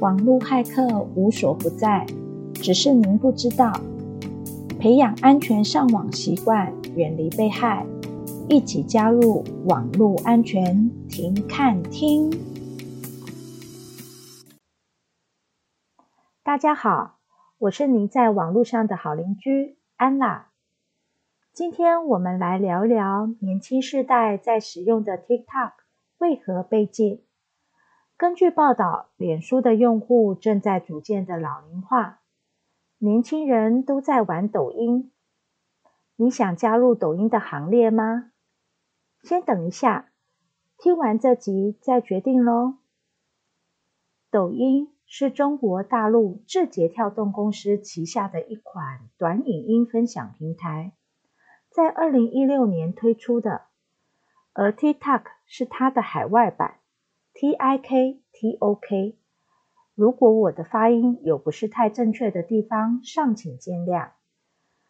網絡駭客無所不在，只是您不知道。培養安全上網習慣，遠離被害，一起加入網絡安全停看聽。大家好，我是您在網絡上的好鄰居安娜。今天我們來聊聊年輕世代在使用的 TikTok 為何被禁。根據報道，臉書的用戶正在逐漸的老齡化，年輕人都在玩抖音。你想加入抖音的行列嗎？先等一下，聽完這集再決定嘍。抖音是中國大陸字節跳動公司旗下的一款短影音分享平台，在2016年推出的，而 TikTok 是它的海外版。TikTok，如果我的發音有不是太正確的地方，尚請見諒。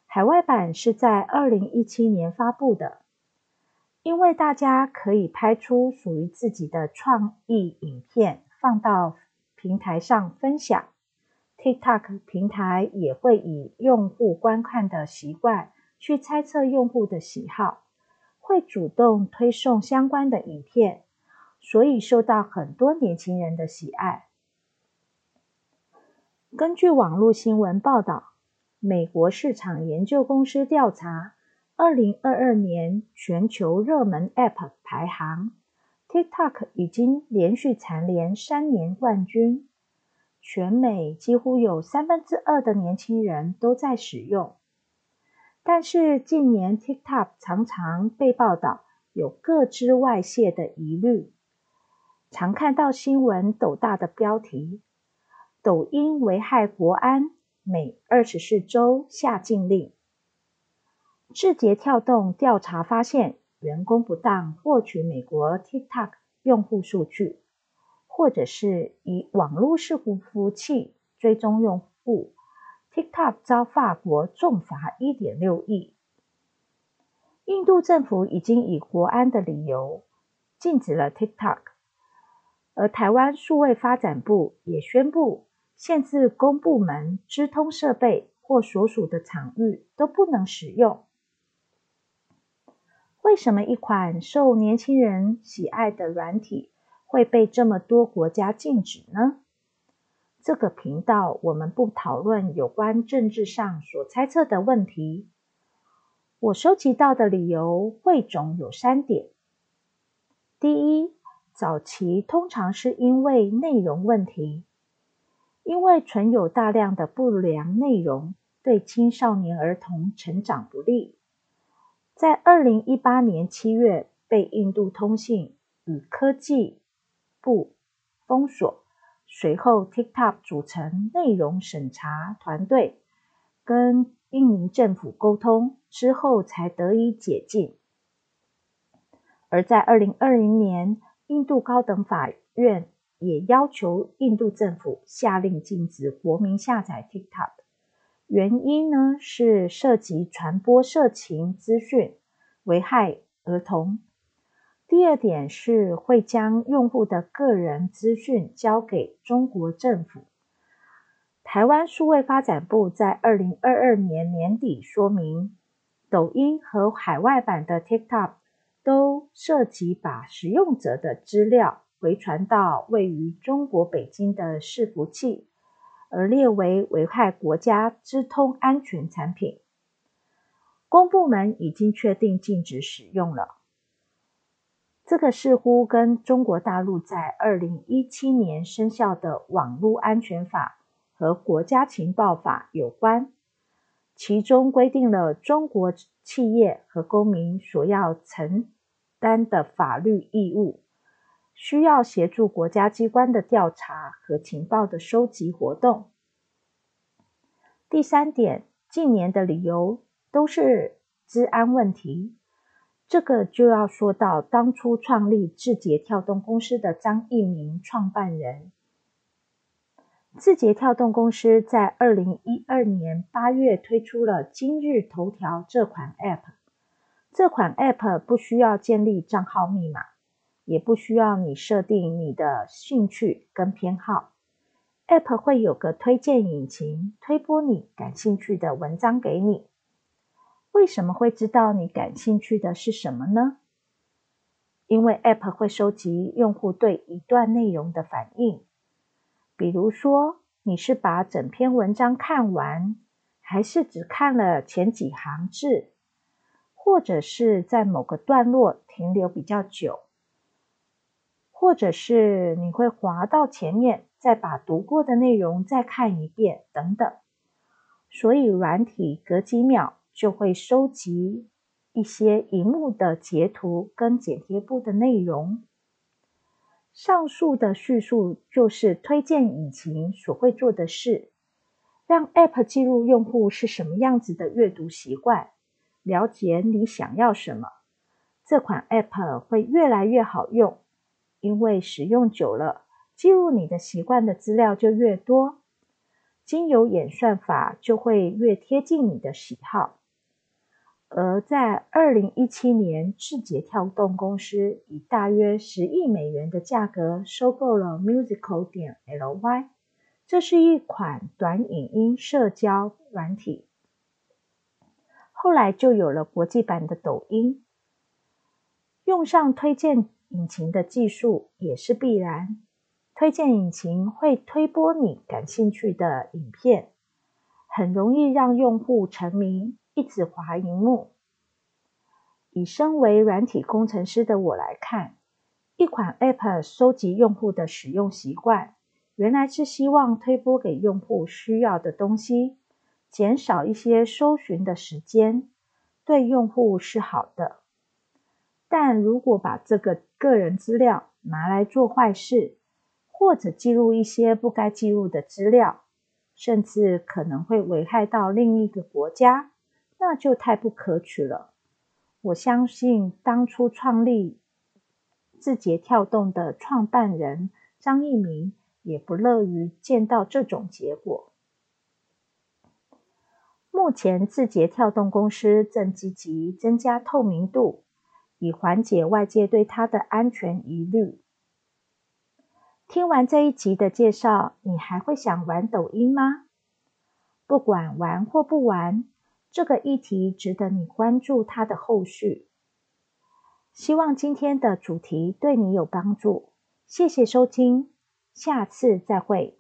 海外版是在二零一七年發布的，因為大家可以拍出屬於自己的創意影片，放到平台上分享。TikTok 平台也會以用戶觀看的習慣去猜測用戶的喜好，會主動推送相關的影片。所以受到很多年輕人的喜愛。根據網絡新聞報道，美國市場研究公司調查，二零二二年全球熱門 App 排行，TikTok 已經連續蟬聯三年冠軍。全美幾乎有三分之二的年輕人都在使用。但是近年 TikTok 常常被報道有個資外洩的疑慮。常看到新聞抖大的標題：“抖音危害國安，美二十四州下禁令。”字節跳動調查發現，員工不當獲取美國 TikTok 用戶數據，或者是以網絡伺服器追蹤用戶。TikTok 遭法國重罰一點六億。印度政府已經以國安的理由，禁止了 TikTok。而台灣數位發展部也宣布，限制公部門資通設備或所屬的場域都不能使用。為什麼一款受年輕人喜愛的軟體會被這麼多國家禁止呢？這個頻道我們不討論有關政治上所猜測的問題。我收集到的理由彙總有三點：第一，早期通常是因為內容問題，因為存有大量的不良內容，對青少年兒童成長不利。在二零一八年七月被印度通信與科技部封鎖，隨後 TikTok 組成內容審查團隊跟印尼政府溝通之後，才得以解禁。而在二零二零年。印度高等法院也要求印度政府下令禁止國民下載 TikTok，原因呢是涉及傳播色情資訊、危害兒童。第二點是會將用戶的個人資訊交給中國政府。台灣數位發展部在二零二二年年底說明，抖音和海外版的 TikTok。都涉及把使用者的資料回傳到位於中國北京的伺服器，而列為危害國家資通安全產品。公部門已經確定禁止使用了。這個似乎跟中國大陸在二零一七年生效的《網絡安全法》和《國家情報法》有關，其中規定了中國企業和公民所要承。單的法律義務，需要協助國家機關的調查和情報的收集活動。第三點，近年的理由都是資安問題，這個就要說到當初創立字節跳動公司的張一鳴創辦人。字節跳動公司在二零一二年八月推出了今日頭條這款 App。這款 App 不需要建立賬號密碼，也不需要你設定你的興趣跟偏好。App 會有個推薦引擎，推播你感興趣的文章給你。為什麼會知道你感興趣的是什麼呢？因為 App 會收集用戶對一段內容的反應。比如說你是把整篇文章看完，還是只看了前幾行字？或者是在某個段落停留比較久，或者是你會滑到前面，再把讀過的內容再看一遍，等等。所以，軟體隔幾秒就會收集一些熒幕的截圖跟剪貼簿的內容。上述的敘述就是推薦引擎所會做的事，讓 App 記錄用戶是什麼樣子的閱讀習慣。了解你想要什麼，這款 App 會越來越好用，因為使用久了，記錄你的習慣的資料就越多，經由演算法就會越貼近你的喜好。而在二零一七年，字節跳動公司以大約十億美元的價格收購了 Musical 點 ly，這是一款短影音社交軟體。後來就有了國際版的抖音，用上推薦引擎的技術也是必然。推薦引擎會推播你感興趣的影片，很容易讓用戶沉迷，一直滑螢幕。以身為軟體工程師的我來看，一款 App 收集用戶的使用習慣，原來是希望推播給用戶需要的東西。減少一些搜尋的時間，對用戶是好的。但如果把這個個人資料拿來做壞事，或者記錄一些不該記錄的資料，甚至可能會危害到另一個國家，那就太不可取了。我相信當初創立字節跳動的創辦人張一鳴也不樂於見到這種結果。目前，字節跳動公司正積極增，增加透明度，以緩解外界對它的安全疑慮。聽完這一集的介紹，你還會想玩抖音嗎？不管玩或不玩，這個議題值得你關注它的後續。希望今天的主題對你有幫助。謝謝收聽，下次再會。